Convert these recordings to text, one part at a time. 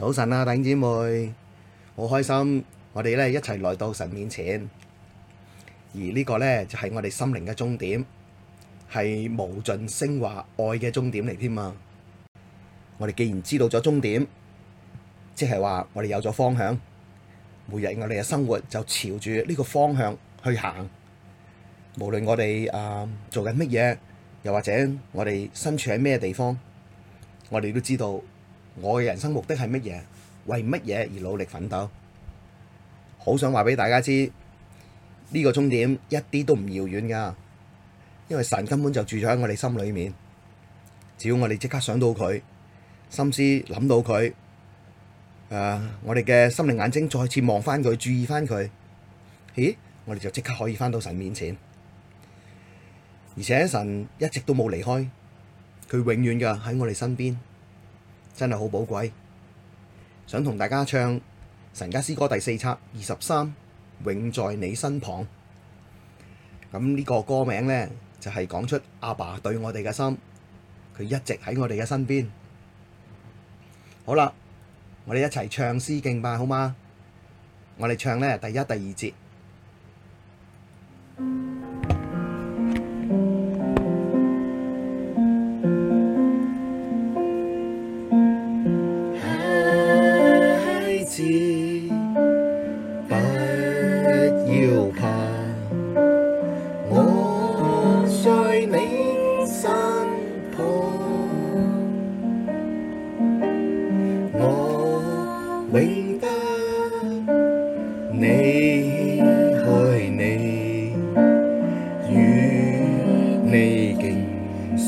早晨啊，弟兄姊妹，好開心！我哋咧一齊來到神面前，而個呢個咧就係、是、我哋心靈嘅終點，係無盡聖話愛嘅終點嚟添啊。我哋既然知道咗終點，即係話我哋有咗方向，每日我哋嘅生活就朝住呢個方向去行。無論我哋啊、呃、做緊乜嘢，又或者我哋身處喺咩地方，我哋都知道。我嘅人生目的係乜嘢？為乜嘢而努力奮鬥？好想話畀大家知，呢個終點一啲都唔遙遠噶，因為神根本就住咗喺我哋心裏面。只要我哋即刻想到佢，心思諗到佢，誒、呃，我哋嘅心靈眼睛再次望返佢，注意返佢，咦？我哋就即刻可以返到神面前。而且神一直都冇離開，佢永遠嘅喺我哋身邊。真係好寶貴，想同大家唱《神家詩歌》第四冊二十三，《永在你身旁》嗯。咁、這、呢個歌名呢，就係、是、講出阿爸對我哋嘅心，佢一直喺我哋嘅身邊。好啦，我哋一齊唱詩敬拜，好嗎？我哋唱呢，第一、第二節。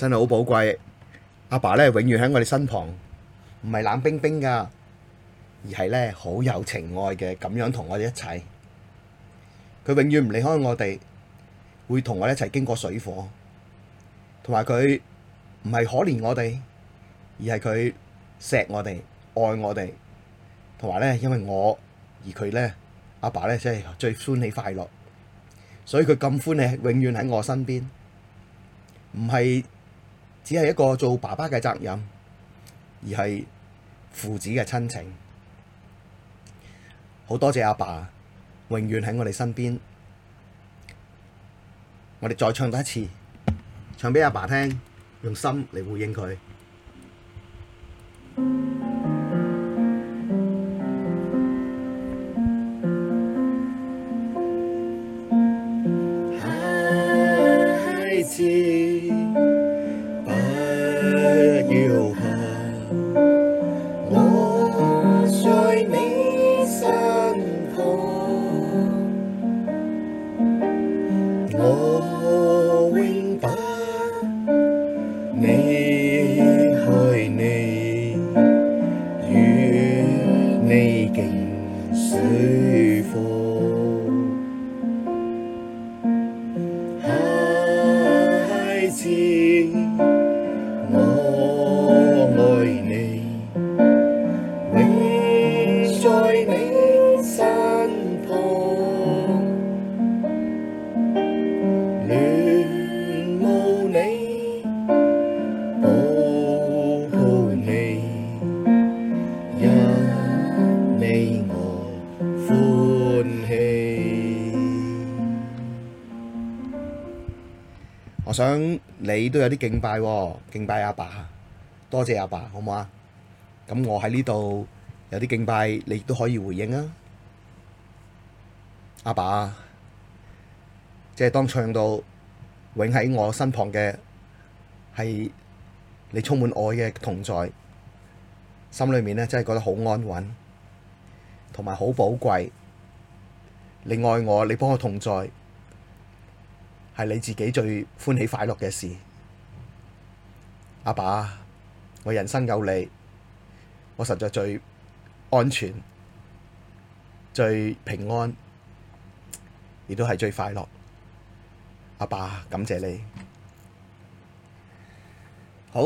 真係好寶貴，阿爸咧永遠喺我哋身旁，唔係冷冰冰㗎，而係咧好有情愛嘅，咁樣同我哋一齊。佢永遠唔離開我哋，會同我哋一齊經過水火，同埋佢唔係可憐我哋，而係佢錫我哋、愛我哋，同埋咧因為我而佢咧阿爸咧真係最歡喜快樂，所以佢咁歡喜，永遠喺我身邊，唔係。只係一個做爸爸嘅責任，而係父子嘅親情。好多謝阿爸，永遠喺我哋身邊。我哋再唱多一次，唱畀阿爸聽，用心嚟回應佢。想你都有啲敬拜喎，敬拜阿爸，多謝阿爸，好唔好啊？咁我喺呢度有啲敬拜，你亦都可以回應啊！阿爸，即係當唱到永喺我身旁嘅，係你充滿愛嘅同在，心裏面咧真係覺得好安穩，同埋好寶貴。你愛我，你幫我同在。係你自己最歡喜快樂嘅事，阿爸，我人生有你，我實在最安全、最平安，亦都係最快樂。阿爸，感謝你。好，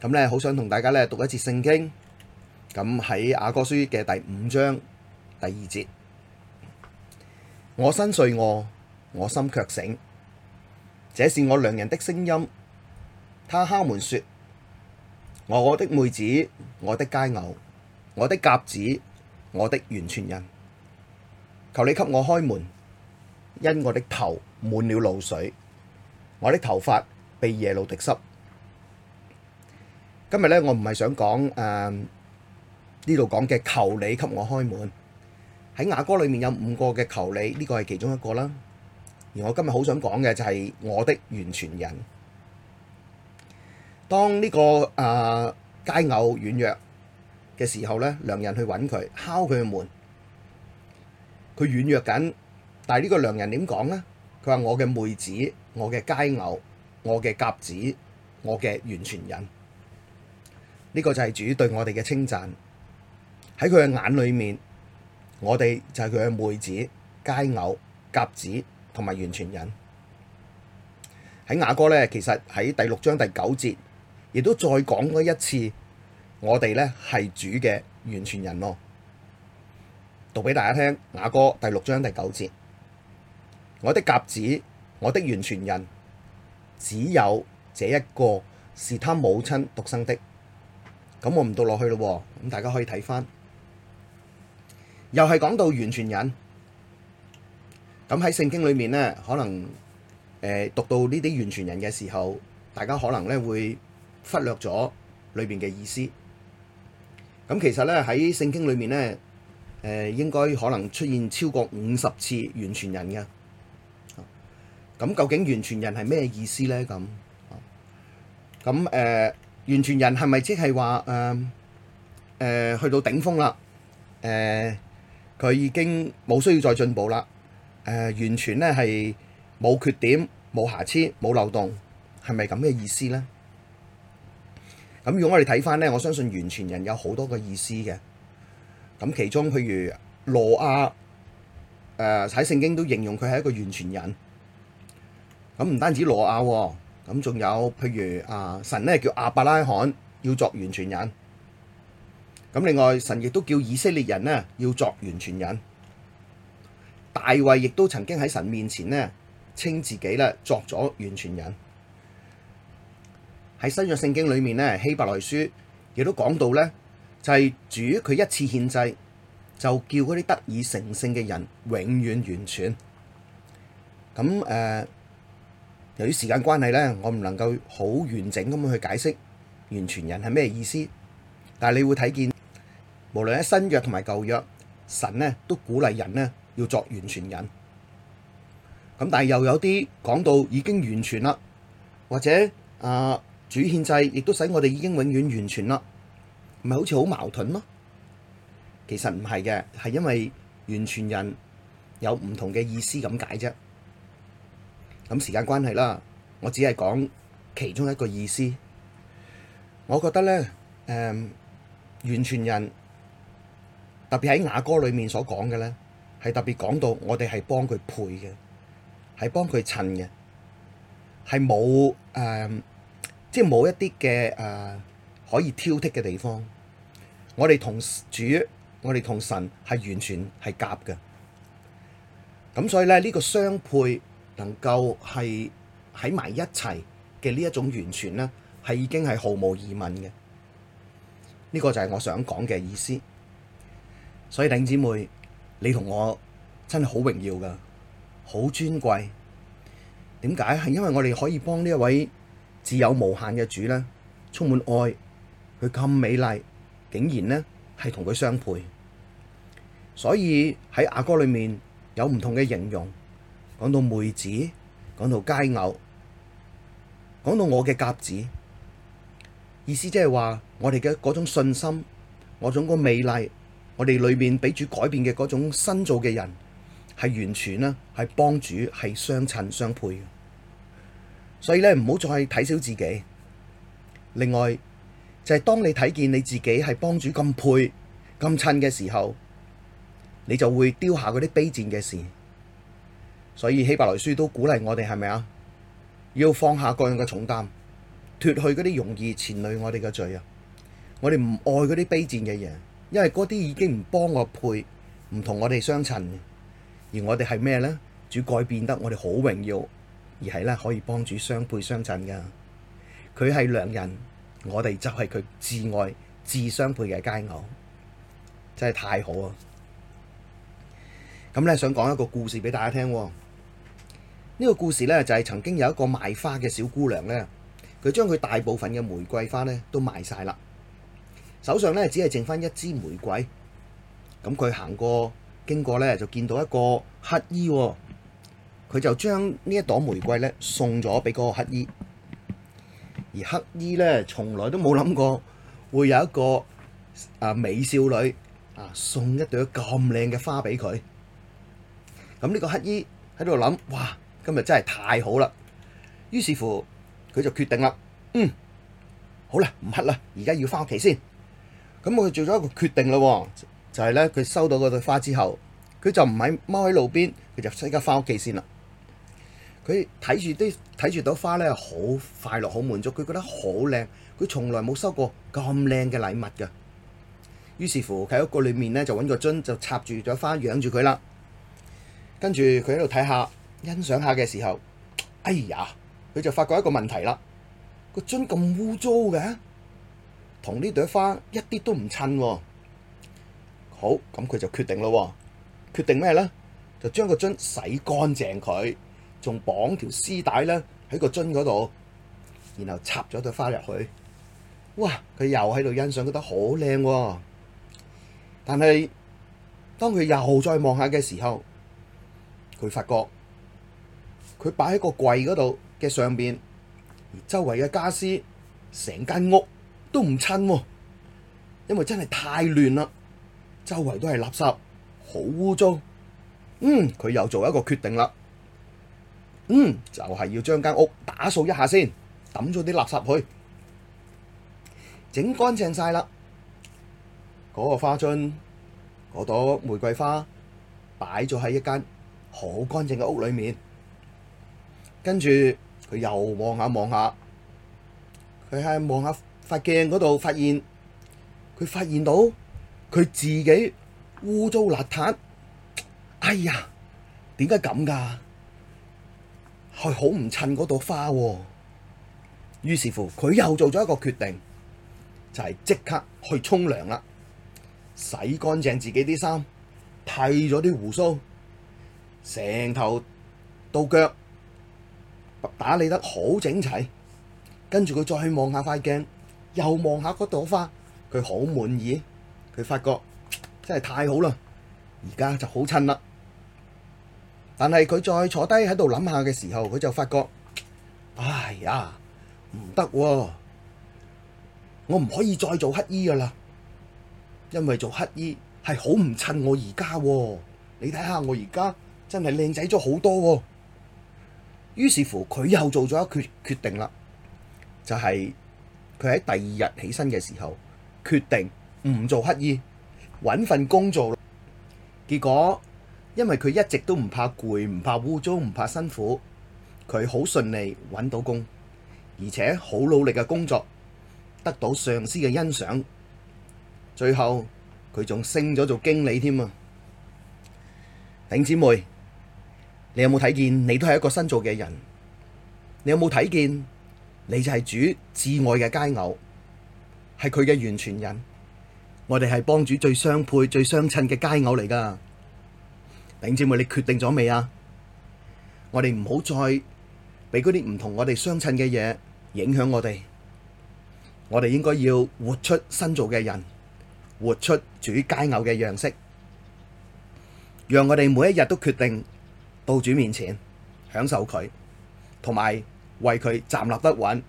咁咧，好想同大家咧讀一次聖經。咁喺《雅歌書》嘅第五章第二節，我身睡卧，我心卻醒。這是我良人的聲音，他敲門說：我我的妹子，我的佳偶，我的鴿子，我的完全人，求你給我開門，因我的頭滿了露水，我的頭髮被夜露滴濕。今日呢，我唔係想講誒呢度講嘅求你給我開門，喺雅歌裏面有五個嘅求你，呢、這個係其中一個啦。而我今日好想講嘅就係我，、這個呃、我，我，我，我的完全人。當呢個啊佳偶軟弱嘅時候呢，良人去揾佢敲佢嘅門，佢軟弱緊，但係呢個良人點講呢？佢話：我嘅妹子，我嘅佳偶，我嘅鴿子，我嘅完全人。呢個就係主對我哋嘅稱讚。喺佢嘅眼裏面，我哋就係佢嘅妹子、佳偶、鴿子。同埋完全人喺雅歌呢，其實喺第六章第九節，亦都再講咗一次我，我哋呢係主嘅完全人咯、哦。讀俾大家聽，雅歌第六章第九節，我的鴿子，我的完全人，只有這一個是他母親獨生的。咁、嗯、我唔讀落去咯、哦，咁大家可以睇翻，又係講到完全人。咁喺聖經裏面呢，可能誒讀到呢啲完全人嘅時候，大家可能咧會忽略咗裏邊嘅意思。咁其實咧喺聖經裏面呢，誒、呃、應該可能出現超過五十次完全人嘅。咁究竟完全人係咩意思呢？咁，咁、呃、誒完全人係咪即係話誒誒去到頂峰啦？誒、呃、佢已經冇需要再進步啦？呃、完全咧係冇缺點、冇瑕疵、冇漏洞，係咪咁嘅意思呢？咁如果我哋睇翻呢，我相信完全人有好多嘅意思，好多個意思嘅。咁其中譬如羅亞，誒喺聖經都形容佢係一個完全人。咁唔單止羅亞、啊，咁仲有譬如啊、呃，神咧叫亞伯拉罕要作完全人。咁另外，神亦都叫以色列人咧要作完全人。大衛亦都曾經喺神面前呢，稱自己啦，作咗完全人。喺新約聖經裏面呢，希伯來書亦都講到咧，就係主佢一次獻祭，就叫嗰啲得以成聖嘅人永遠完全。咁誒、呃，由於時間關係呢，我唔能夠好完整咁去解釋完全人係咩意思，但係你會睇見，無論喺新約同埋舊約。神呢都鼓勵人呢要作完全人，咁但係又有啲講到已經完全啦，或者啊、呃、主獻祭亦都使我哋已經永遠完全啦，唔係好似好矛盾咯？其實唔係嘅，係因為完全人有唔同嘅意思咁解啫。咁時間關係啦，我只係講其中一個意思。我覺得咧，誒、呃、完全人。特別喺雅歌裏面所講嘅咧，係特別講到我哋係幫佢配嘅，係幫佢襯嘅，係冇誒，即係冇一啲嘅誒可以挑剔嘅地方。我哋同主，我哋同神係完全係夾嘅。咁所以咧，呢個相配能夠係喺埋一齊嘅呢一種完全咧，係已經係毫無疑問嘅。呢個就係我想講嘅意思。所以頂姊妹，你同我真係好榮耀噶，好尊貴。點解？係因為我哋可以幫呢一位自有無限嘅主呢，充滿愛，佢咁美麗，竟然呢，係同佢相配。所以喺雅歌裏面有唔同嘅形容，講到妹子，講到佳偶，講到我嘅鴿子，意思即係話我哋嘅嗰種信心，我種嗰美麗。我哋裏面俾主改變嘅嗰種新造嘅人，係完全啦，係幫主係相襯相配嘅。所以咧，唔好再睇小自己。另外，就係、是、當你睇見你自己係幫主咁配咁襯嘅時候，你就會丟下嗰啲卑賤嘅事。所以希伯來書都鼓勵我哋，係咪啊？要放下各樣嘅重擔，脫去嗰啲容易纏累我哋嘅罪啊！我哋唔愛嗰啲卑賤嘅嘢。因為嗰啲已經唔幫我配，唔同我哋相襯，而我哋係咩呢？主改變得我哋好榮耀，而係呢可以幫主相配相襯噶。佢係良人，我哋就係佢至愛、至相配嘅佳偶，真係太好啊！咁呢，想講一個故事俾大家聽，哦。呢、呢個故事呢，就係、是、曾經有一個賣花嘅小姑娘呢，佢將佢大部分嘅玫瑰花呢都賣晒啦。手上咧只係剩返一支玫瑰，咁佢行過經過咧就見到一個乞兒，佢就將呢一朵玫瑰咧送咗俾嗰個乞兒，而乞兒咧從來都冇諗過會有一個啊美少女啊送一朵咁靚嘅花俾佢，咁呢個乞兒喺度諗，哇，今日真係太好啦！於是乎佢就決定啦，嗯，好啦，唔乞啦，而家要返屋企先。咁佢做咗一個決定咯、哦，就係咧佢收到嗰朵花之後，佢就唔喺踎喺路邊，佢就即刻翻屋企先啦。佢睇住啲睇住朵花咧，好快樂、好滿足，佢覺得好靚，佢從來冇收過咁靚嘅禮物嘅。於是乎佢喺屋個裏面咧，就揾個樽就插住咗花養住佢啦。跟住佢喺度睇下欣賞下嘅時候，哎呀，佢就發覺一個問題啦，這個樽咁污糟嘅。同呢朵花一啲都唔襯喎，好，咁佢就決定咯，決定咩咧？就將個樽洗乾淨佢，仲綁條絲帶咧喺個樽嗰度，然後插咗朵花入去。哇！佢又喺度欣賞，覺得好靚喎。但係當佢又再望下嘅時候，佢發覺佢擺喺個櫃嗰度嘅上邊，而周圍嘅家俬，成間屋。都唔親喎，因為真係太亂啦，周圍都係垃圾，好污糟。嗯，佢又做一個決定啦。嗯，就係要將間屋打掃一下先，抌咗啲垃圾去，整乾淨晒啦。嗰個花樽，嗰朵玫瑰花，擺咗喺一間好乾淨嘅屋裏面。跟住佢又望下望下，佢喺望下塊鏡嗰度發現，佢發現到佢自己污糟邋遢，哎呀，點解咁噶？係好唔襯嗰朵花喎。於是乎，佢又做咗一個決定，就係即刻去沖涼啦，洗乾淨自己啲衫，剃咗啲鬍鬚，成頭到腳打理得好整齊。跟住佢再去望下塊鏡。又望下嗰朵花，佢好滿意，佢發覺真係太好啦，而家就好襯啦。但係佢再坐低喺度諗下嘅時候，佢就發覺，哎呀，唔得喎，我唔可以再做乞衣噶啦，因為做乞衣係好唔襯我而家喎。你睇下我而家真係靚仔咗好多喎。於是乎，佢又做咗一決決定啦，就係、是。佢喺第二日起身嘅時候，決定唔做乞衣，揾份工做。結果，因為佢一直都唔怕攰、唔怕污糟、唔怕辛苦，佢好順利揾到工，而且好努力嘅工作，得到上司嘅欣賞。最後，佢仲升咗做經理添啊！頂姊妹，你有冇睇見？你都係一個新做嘅人，你有冇睇見？你就係主至愛嘅佳偶，係佢嘅完全人。我哋係幫主最相配、最相襯嘅佳偶嚟噶。弟兄姐妹，你決定咗未啊？我哋唔好再俾嗰啲唔同我哋相襯嘅嘢影響我哋。我哋應該要活出新造嘅人，活出主佳偶嘅樣式。讓我哋每一日都決定到主面前，享受佢，同埋。為佢站立得穩，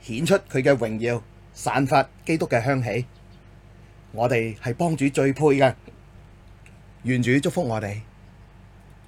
顯出佢嘅榮耀，散發基督嘅香氣。我哋係幫主最配嘅，願主祝福我哋。